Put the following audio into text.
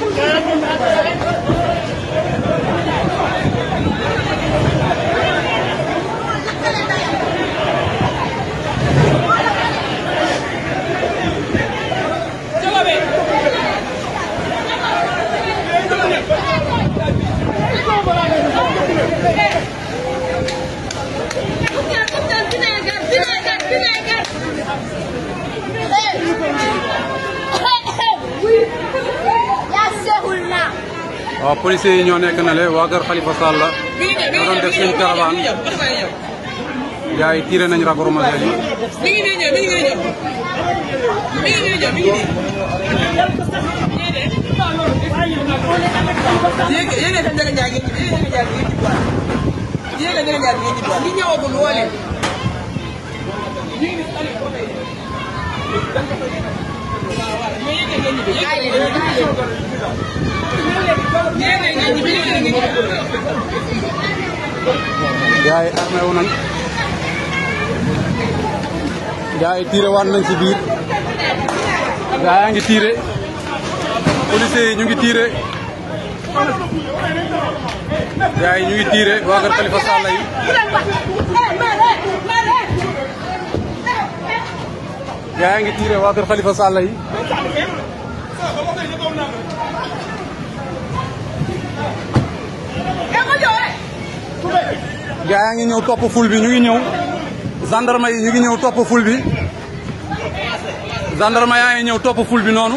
Gotta come back. waaw policiers yi ñoo nekk na le waa kër Khalifa Sall la ñoo doon def seen caravane gars yi tiré nañ lacrymogène yi. mi ngi gaay armé wu nañ gaay tiré wan nañ ci biir gaay yaa ngi tiré ñu ngi gaay ñu ngi Khalifa yaa ngi tiire waa kër Khalifa gaa yaa ngi ñëw topp ful bi ñu ngi ñëw gendarme yi ñu ngi ñëw topp ful bi gendarme yaa ngi ñëw topp ful bi noonu.